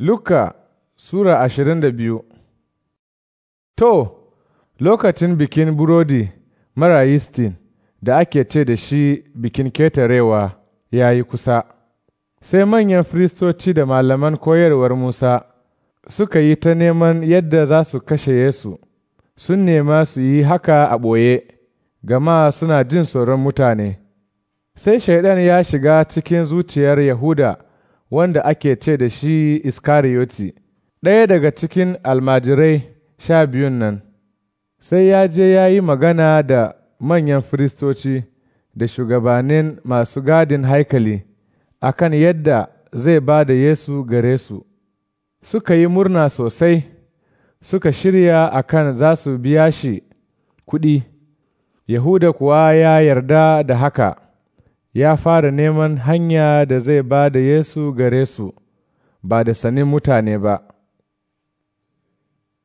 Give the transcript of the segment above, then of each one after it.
Luka Sura ashirin da biyu To, lokacin bikin burodi mara yistin da ake ce da shi bikin ketarewa ya yi kusa, sai manyan firistoci da malaman koyarwar Musa suka yi ta neman yadda za su kashe Yesu, sun nema su yi haka a ɓoye, gama suna jin tsoron mutane. Sai Shaidan ya shiga cikin zuciyar Yahuda. wanda ake ce da shi Iskariyoti, ɗaya daga cikin almajirai sha biyun nan, sai ya je ya yi magana da manyan firistoci da shugabannin masu gadin haikali a kan yadda zai ba da Yesu gare su. Suka yi murna sosai, suka shirya a kan za su biya shi kuɗi, Yahuda kuwa ya yarda da haka. ya fara neman hanya da zai ba da Yesu gare su, ba da sanin mutane ba.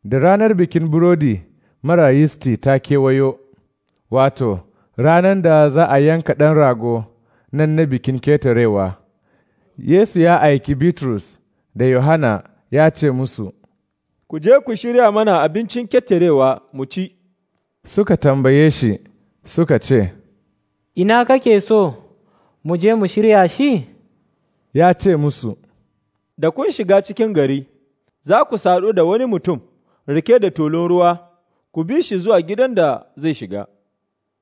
Da ranar bikin burodi mara yisti ta kewayo, wato, ranar da za a yanka ɗan rago nan na bikin ketarewa. Yesu ya aiki Bitrus da Yohana ya ce musu, Ku je ku shirya mana abincin ketarewa mu ci. Suka tambaye shi, suka ce, Ina kake so? mu je mu shirya shi? Ya ce musu, Da kun shiga cikin gari, za ku saɗu da wani mutum rike da tulun ruwa, ku bi shi zuwa gidan da zai shiga.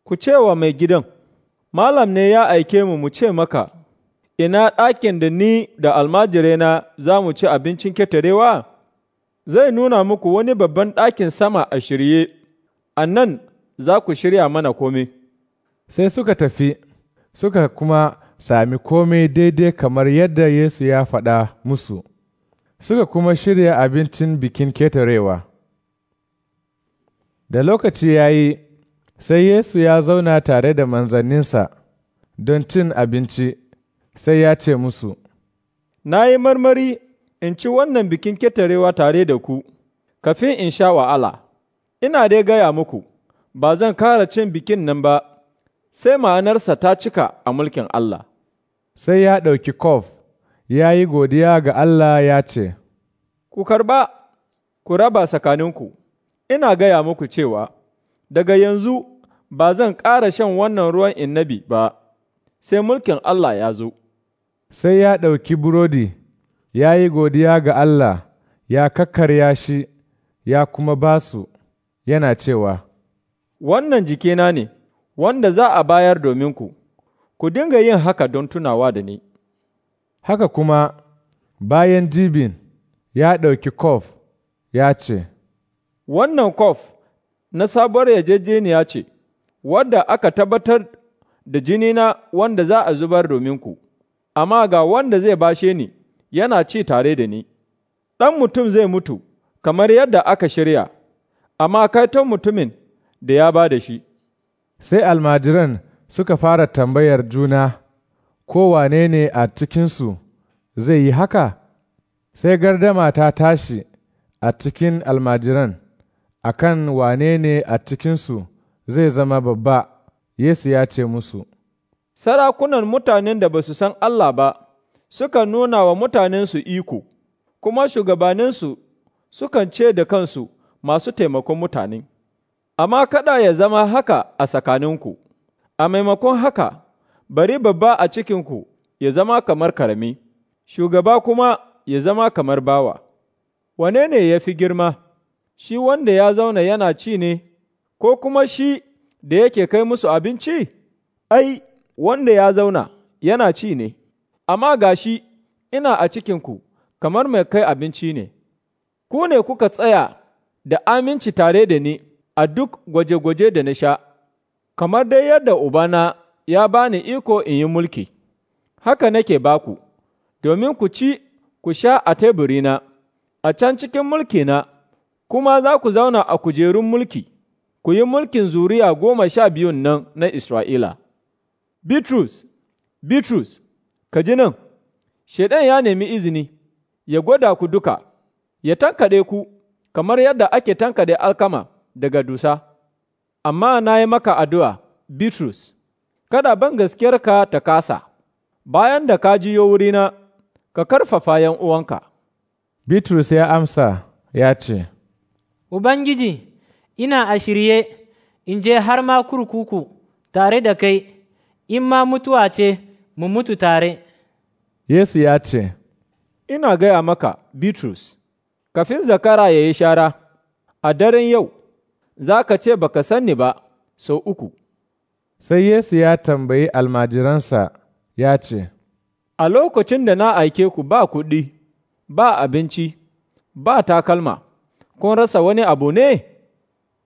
Ku ce wa mai gidan, Malam ne ya aike mu mu ce maka, Ina ɗakin da ni da almajirena za mu ci abincin ketarewa? Zai nuna muku wani babban ɗakin sama a shirye, a nan za ku shirya mana komai. Sai suka tafi. suka kuma sami kome daidai kamar yadda Yesu ya faɗa musu, suka kuma shirya abincin bikin ketarewa. Da lokaci ya yi, sai Yesu ya zauna tare da manzanninsa don cin abinci, sai ya ce musu, Na yi marmari in ci wannan bikin ketarewa tare da ku, kafin in sha wa'ala, ina dai gaya muku, ba zan kara cin bikin nan ba. sai ma'anarsa ta cika a mulkin Allah. Sai ya ɗauki kof, ya yi godiya ga Allah ya ce, Ku karɓa, ku raba tsakaninku, ina gaya muku cewa, daga yanzu ba zan ƙara shan wannan ruwan inabi ba, sai mulkin Allah ya zo. Sai ya ɗauki burodi, ya yi godiya ga Allah, ya kakkarya shi, ya kuma basu, yana cewa, Wannan jikina ne. wanda za a bayar dominku, ku dinga yin haka don tunawa da ni. Haka kuma bayan jibin ya ɗauki kof ya ce, Wannan kof na sabuwar yarjejeniya ce, wadda aka tabbatar da jinina wanda za a zubar dominku, amma ga wanda zai bashe ni yana ci tare da ni. Ɗan mutum zai mutu kamar yadda aka shirya, amma kaiton mutumin da ya ba da shi. sai almajiran suka fara tambayar juna ko wane ne a cikinsu zai yi haka sai gardama ta tashi a cikin almajiran akan wane ne a cikinsu zai zama babba Yesu ya ce musu sarakunan mutanen da ba su san Allah ba suka nuna wa mutanensu iko kuma shugabaninsu sukan ce da kansu masu taimakon mutane amma kada ya zama haka a tsakaninku, a maimakon haka, bari babba a cikinku ya zama kamar karami, shugaba kuma ya zama kamar bawa. Wane ne ya fi girma, shi wanda ya zauna yana ci ne, ko kuma shi da yake kai musu abinci? Ai, wanda ya zauna yana ci ne, amma ga shi ina a cikinku kamar mai kai abinci ne, ku ne kuka tsaya da aminci tare da ni. a duk gwaje-gwaje da na sha, kamar dai yadda Ubana ya ba ni iko in yi mulki, haka nake baku, domin ku ci ku sha a teburina, a can cikin mulkina, kuma za ku zauna a kujerun mulki, ku yi mulkin zuriya goma sha biyun nan na Isra'ila. Bitrus, Bitrus, ka ji nan, Shaiɗan ya nemi izini, ya gwada ku duka, ya tankaɗe ku, kamar yadda ake tankaɗe alkama. daga dusa, amma na yi maka addu'a, Bitrus, kada ban gaskiyarka ta kasa, bayan da ka jiyo wurina, ka karfafa ’yan uwanka. Bitrus ya amsa ya ce, Ubangiji, ina a shirye in je har ma kurkuku tare da kai, in ma mutuwa ce mu mutu tare. Yesu ya ce, Ina gaya maka, Bitrus, kafin zakara ya yi shara, a daren yau, za ka ce ba baka sanni ba sau uku. Sai Yesu ya tambayi almajiransa ya ce, A lokacin da na aike ku ba kuɗi, ba abinci, ba takalma, kun rasa wani abu ne?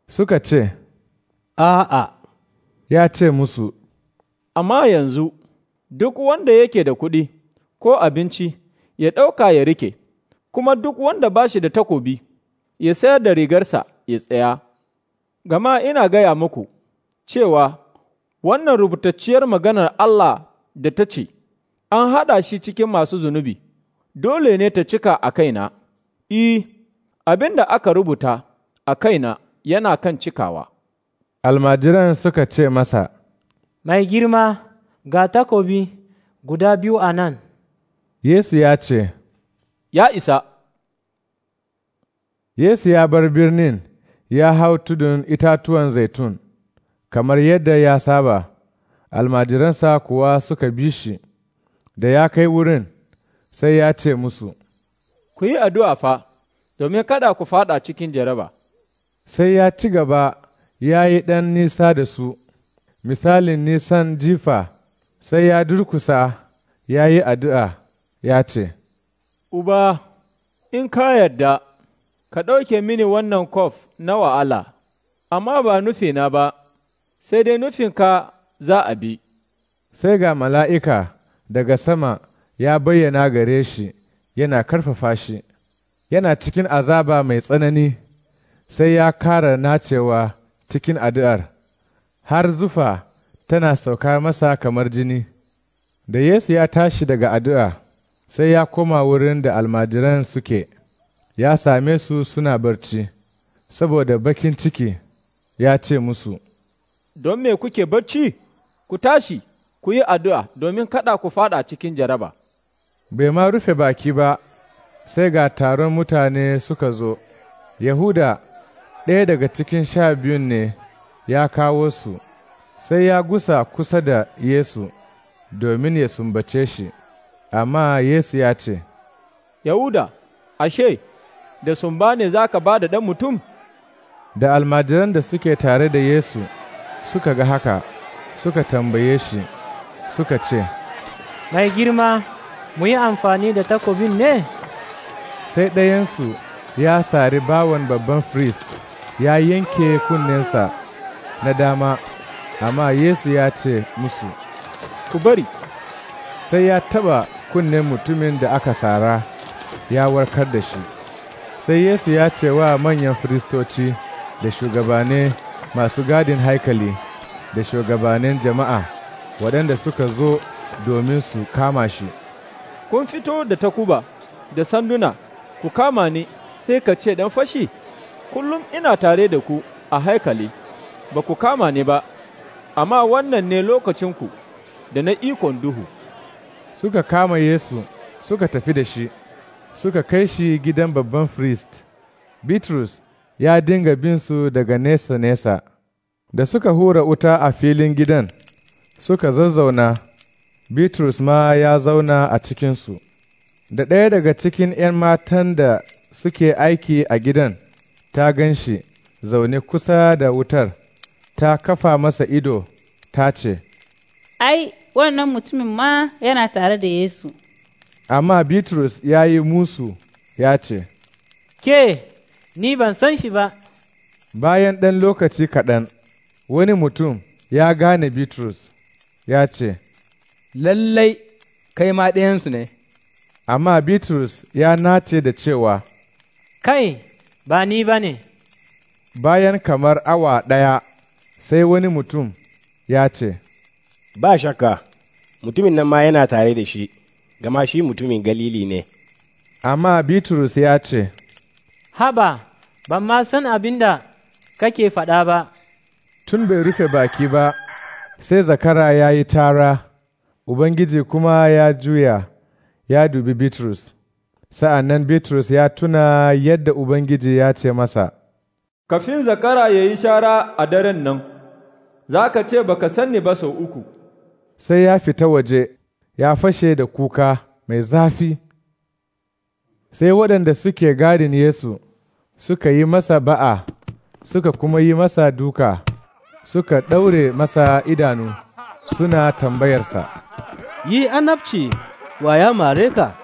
Suka ce, A'a, ya ce musu, Amma yanzu, duk wanda yake da kuɗi ko abinci, ya ɗauka ya rike, kuma duk wanda ba shi da takobi, ya sayar da rigarsa ya tsaya. Gama ina gaya muku cewa wannan rubutacciyar maganar Allah da ta ce, An haɗa shi cikin masu zunubi, dole ne ta cika a kaina, I, e, abin da aka rubuta a kaina yana kan cikawa. Almajiran suka ce masa, Mai girma ga takobi guda biyu a nan. Yesu ya ce, Ya isa. Yesu ya bar birnin ya hau tudun itatuwan zaitun, kamar yadda ya saba, almajiransa kuwa suka bi shi, da ya kai wurin, sai ya ce musu, Ku yi addu'a fa, domin kada ku fada cikin jaraba. Sai ya ci gaba ya yi ɗan nisa da su, misalin nisan jifa, sai ya durkusa ya yi addu'a, ya ce, Uba, in ka yarda, ka ɗauke mini wannan kof na wa'ala, amma ba nufina ba, sai dai nufinka za a bi. Sai ga mala'ika daga sama ya bayyana gare shi yana karfafa shi, yana cikin azaba mai tsanani, sai ya kara nacewa cikin addu'ar, har zufa tana sauka masa kamar jini. Da Yesu ya tashi daga addu'a, sai ya koma wurin da almajiran suke, ya same su suna barci. saboda bakin ciki ya ce musu, Don me kuke barci ku tashi, ku yi addu'a domin kada ku fada cikin jaraba. Bai ma rufe baki ba, sai ga taron mutane suka zo, Yahuda ɗaya daga cikin sha biyun ne ya kawo su, sai ya gusa kusa da Yesu domin ya sumbace shi, amma Yesu ya ce, Yahuda, ashe, da sumba ne za ka ba da ɗan mutum? Da almajiran da suke tare da Yesu suka ga haka, suka tambaye shi, suka ce, Mai girma, mu yi amfani da takobin ne? Sai ɗayansu ya sari bawan babban firist ya yanke kunnensa na dama, amma Yesu ya ce musu, Ku bari, sai ya taba kunnen mutumin da aka sara ya warkar da shi. Sai Yesu ya ce wa manyan firistoci, da shugabannin masu gadin haikali da shugabannin jama'a waɗanda suka zo domin su kama shi. Kun fito da takuba da sanduna ku kama ni sai ka ce ɗan fashi, kullum ina tare da ku a haikali, ba ku kama ni ba, amma wannan ne lokacinku da na ikon duhu. Suka kama Yesu suka tafi da shi, suka kai shi gidan babban firist. Bitrus ya dinga bin su daga nesa-nesa. Da suka hura wuta a filin gidan, suka zazzauna, Bitrus ma ya zauna a cikinsu. Da ɗaya daga cikin ’yan matan da suke aiki a gidan, ta gan shi zaune kusa da wutar, ta kafa masa ido, ta ce, Ai, wannan mutumin ma yana tare da Yesu. Amma Bitrus ya yi musu, ya ce, Ke, ni ban san shi ba. Bayan ɗan lokaci kaɗan, wani mutum ya gane Bitrus, ya ce, Lallai, kai ma ɗayansu ne. Amma Bitrus ya nace da cewa, Kai, ba ni ba ne. Bayan kamar awa ɗaya, sai wani mutum ya ce, Ba shakka, mutumin nan ma yana tare da shi, gama shi mutumin galili ne. Amma Bitrus ya ce, Haba, ban ma san abin da kake faɗa ba. Tun bai rufe baki ba, sai zakara ya yi tara, Ubangiji kuma ya juya, ya dubi Bitrus. Sa'an nan Bitrus ya tuna yadda Ubangiji ya ce masa, Kafin zakara ya yi shara a daren nan, za ka ce ba ka ni ba sau uku. Sai ya fita waje, ya fashe da kuka mai zafi. Sai waɗanda suke gadin Yesu suka yi masa ba'a, suka kuma yi masa duka, suka ɗaure masa idanu, suna tambayarsa. Yi anabci, ya mare ka?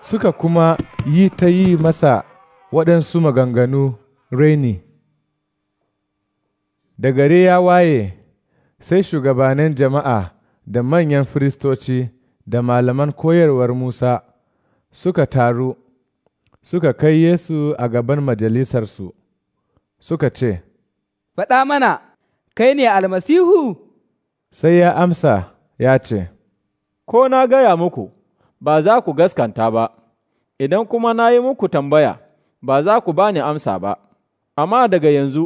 Suka kuma yi ta yi masa waɗansu maganganu raini Da gare ya waye, sai shugabanin jama'a da manyan firistoci da malaman koyarwar Musa suka taru suka kai Yesu a gaban majalisarsu, suka ce, Faɗa mana, kai ne almasihu? Sai ya amsa ya ce, Ko na gaya muku, ba za ku gaskanta ba, idan kuma na yi muku tambaya, ba za ku ba amsa ba, amma daga yanzu,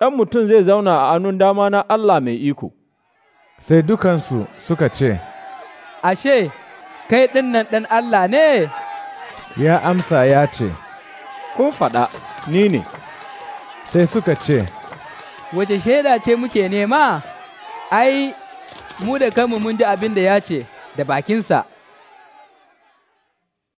ɗan mutum zai zauna a hannun dama na Allah mai iko. Sai dukansu suka ce, Ashe, kai ɗinnan ɗan Allah ne? ya amsa ya ce, ko faɗa, ni ne. Sai suka ce, Wace shaida ce muke nema? Ai, mu da kanmu mun ji abin da ya ce da bakinsa.